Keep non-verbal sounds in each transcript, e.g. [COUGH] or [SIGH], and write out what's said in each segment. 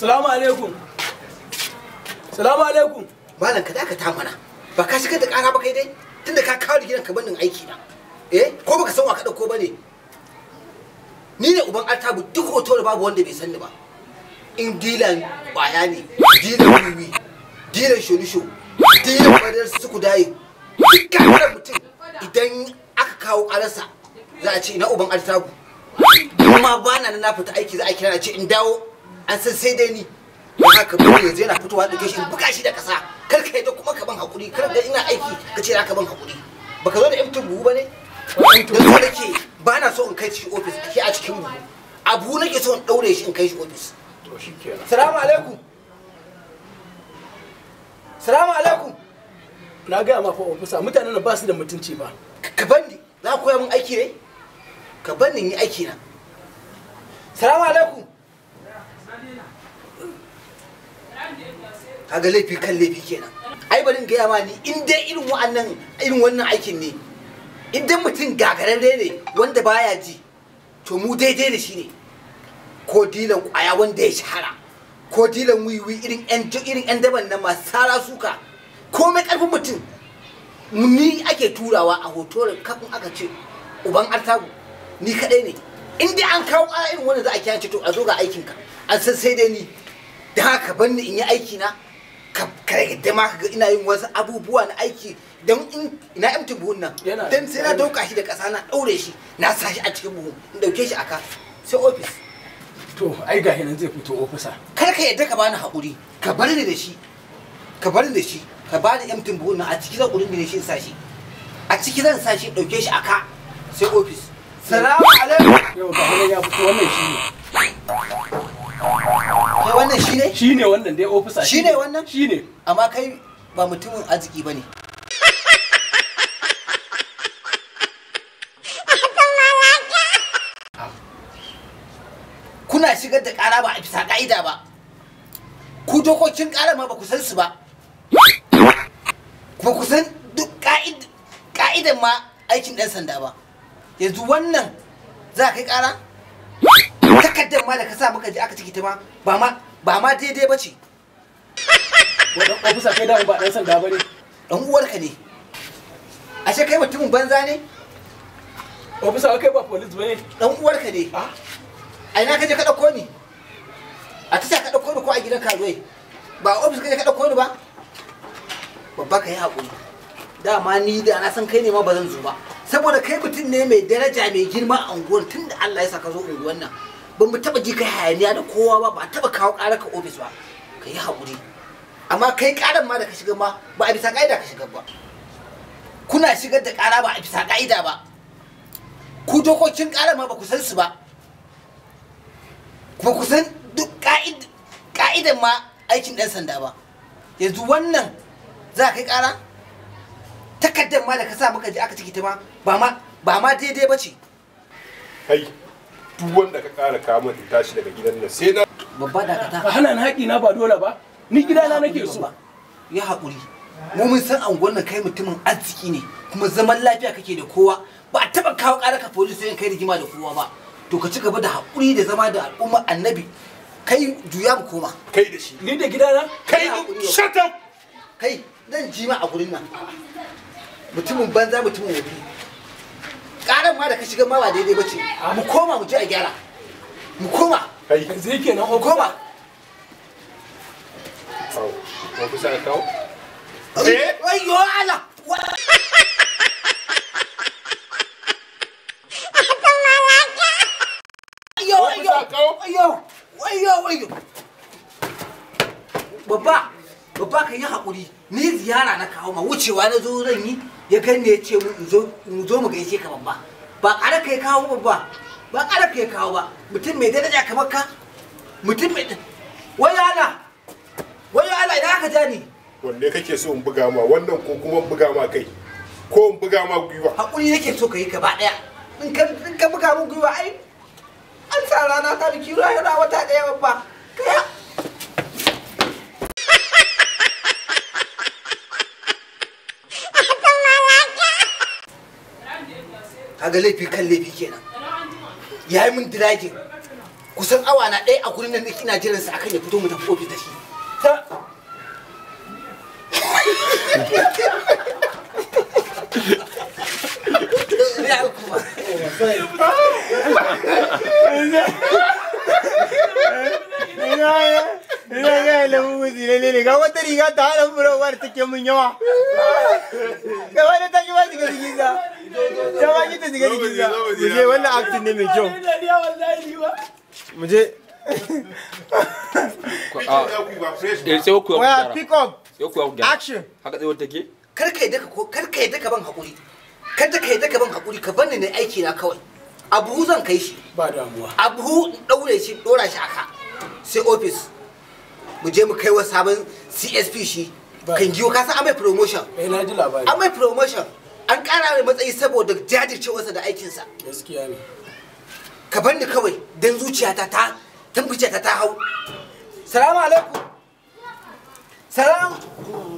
Salamu alaikum. Salamu alaikum. Malam ka dakata mana. Ba ka shiga da ƙara ba kai dai? Tunda ka kawo gidan ka bannin aiki na. Eh, ko baka san wa ka dauko bane? Ni ne uban Altabu duk hoto da babu wanda bai san ni ba. In dilan baya ne, dilan wiwi, dilan sholisho, dilan badar suku daye. Dukkan wannan mutum idan aka kawo alasa za a ce na uban Altabu. Kuma ba na na fita aiki za a kira na ce in dawo an san sai dai ni don haka bari ya yanzu yana fitowa da gashi buga shi da kasa kar ka yadda kuma ka ban hakuri kar da ina aiki ka ce ka ban hakuri baka zo da empty buhu ba ne da so nake ba na so in kai shi office ake a cikin buhu abu nake so in daure shi in kai shi office to shikenan salamu alaikum salamu alaikum na gaya ma fa ofisa mutanen nan ba su da mutunci ba ka bani za ku koya min aiki ne ka bani yi aiki na salamu alaikum kaga laifi kan laifi kenan ai barin gaya ma ni in dai irin wa'annan irin wannan aikin ne idan mutum gagararre ne wanda baya ji to mu daidai da shi ne ko dilan kwaya wanda ya shahara ko dilan wiwi irin yan irin yan daban nan masu sara suka ko mai karfin mutum ni ake turawa a hoto kafin aka ce uban artagu ni kadai ne in dai an kawo irin wanda za a kiyace to a zo ga aikinka an san sai dai ni da haka banni in yi aiki na. kare da ma ga ina yin wasu abubuwa na aiki don in ina yamta buhun nan don sai na dauka shi da ƙasa na ɗaure shi na sa shi a cikin buhu in dauke shi aka sai ofis to ai ga nan zai fito ofisa kar ka yadda ka bani haƙuri ka bar ni da shi ka bar ni da shi ka bani yamtin buhun nan a cikin zan ƙurin da shi sa shi a ciki zan sa shi dauke shi aka sai ofis salamu alaikum yau ga ya fito wannan shi ne wai wannan shine shine wannan dai officer shine wannan shine amma kai ba mutumin arziki bane kuna shigar da kara ba a bisa ka'ida ba ku dokokin kara ma ba ku san su ba ba ku san duk ka'idan ma aikin ɗan sanda ba yanzu wannan za a kai kara takardar ma da ka sa muka ji aka ciki ta ma ba ma ba ma daidai ba ce wadan ofisa kai da ba dan sanda ba ne ɗan uwarka ne ashe kai mutumin banza ne ofisa kai ba police ba ne ɗan uwarka ne ah. a ina kaje ka dauko ni a sa ka dauko ni ko a gidan karuwai ba ofis kaje ka dauko ni ba babba ka yi hakuri dama ni da na san kai ne ma ba zan zo ba saboda kai mutum ne mai daraja mai girma a unguwar tun da Allah ya saka zo unguwar nan ba mu taba ji kai hayaniya da kowa ba ba taba kawo ƙara ka ofis ba ka yi haƙuri amma kai ƙaran ma da ka shiga ma ba a bisa ƙa'ida ka shiga ba kuna shigar da ƙara ba a bisa ƙa'ida ba ku dokokin ƙara ma ba ku san su ba ba ku san duk ƙa'idan ma aikin ɗan sanda ba yanzu wannan za ka yi ƙara takardar ma da ka sa muka ji aka ciki ta ma ba ma daidai ba ce duk wanda ka kara kamun in tashi daga gidan nan sai na babba dakata a hana haƙi na ba dole ba ni gidana nake so ya haƙuri mu mun san anguwan nan kai mutumin arziki ne kuma zaman lafiya kake da kowa ba a taɓa kawo ƙara ka police sai kai rigima da kowa ba to ka ci gaba da haƙuri da zama da al'umma annabi kai juya mu koma kai da shi ni da gidana kai shut up kai zan jima a gurin nan mutumin banza mutumin wabi karan ma da ka shiga ma ba daidai ba ce mu koma mu je a gyara mu koma zai nan mu koma ko kusa ka kawo eh wayo ala ayo, ayo, ayo, ayo, ayo babba ka yi haƙuri ni ziyara na kawo ma wucewa na zo zan yi ya ganne ya ce mu zo mu gaishe ka babba ba ƙara ka kawo babba ba ƙara ka kawo ba mutum mai daraja kamar ka mutum mai wayo ala wayo ala idan aka ja ni wanne kake so in buga ma wannan ko kuma buga ma kai ko in buga ma gwiwa haƙuri nake so ka yi gaba ɗaya in ka buga min gwiwa ai an sa rana ta biki rayuwa wata ɗaya babba kaga laifi kan laifi kenan ya yi min diragin kusan awa na ɗaya a gurin da kina jiran sa akan ya fito mu tafi ofis da shi Yeah, yeah. wala ne ga wata riga ta hana furawar take mun yawa ga wani ta ki ba jikin sa ta ba ta shiga jikin sa wannan acting ne mai kyau mu eh, Waya pick up action haka tsawon take kar ka yadda ko kar ka yadda ka ban hakuri kar ka yadda ka ban hakuri ka bani ne aiki na kawai abu zan kai shi ba damuwa abu daure shi dora shi aka sai office mu je mu kai wa sabon CSP shi kan giyo ka san amai promotion eh na ji labari amai promotion an kara mai matsayi saboda jajircewarsa da aikinsa gaskiya ne ka bar ni kawai don zuciyata ta tambace ta ta hau salamu alaikum salam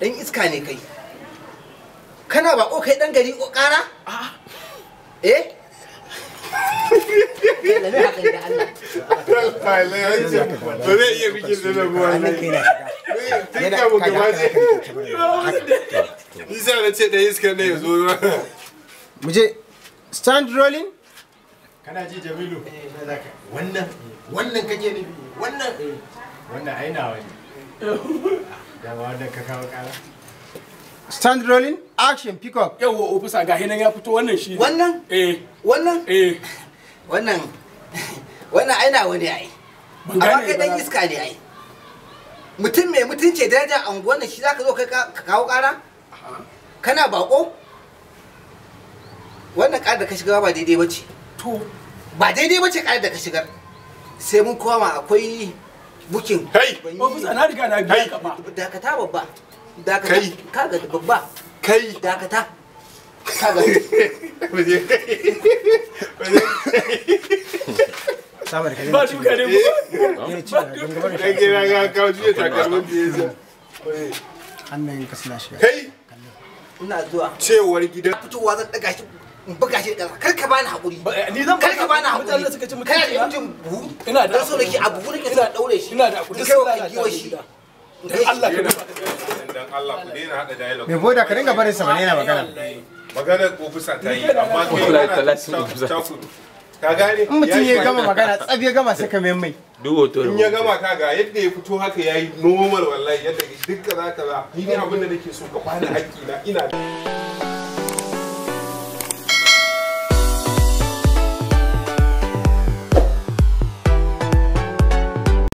dan iska ne kai kana ba ko kai dan gari ko kara eh muje stand rolling kana ji jamilu eh, wannan wannan kake eh, ne wannan wannan aina wani Stand rolling, action, pick up. Yawo, ofisa ga hinan ya fito wannan shi. Wannan? Eh. Wannan? Eh. Wannan. Wannan aina wani ai. Amma kai dan iska ne ai. Mutum mai mutunce daraja anguwan nan shi zaka zo ka kawo kara? Kana bako? Wannan kar da ka shiga ba daidai bace. To, ba daidai bace kar da ka shigar. Sai mun koma akwai bukin kai na riga na biya ka ba dakata babba dakata kaga babba kai dakata kaga ka [LAUGHS] kai ina zuwa cewar gidan fitowa zan daga shi in buga shi da kar ka bani hakuri ni zan kar ka bani haƙuri eh, mutane suka ci mutum kana da buhu ina da so nake a buhu nake daure shi ina da haƙuri kai ka giwa shi da Allah ka dan Allah ku daina hada dialogue me boda ka dinga barin sa ne yana magana magana ofisa ta yi amma kai ta ka gane in mutum ya gama magana tsab ya gama sai mai mai in ya gama ka ga yadda ya fito haka yayi normal wallahi yadda dukkan zaka za ni ne abin da nake so ka bani haƙƙi na ina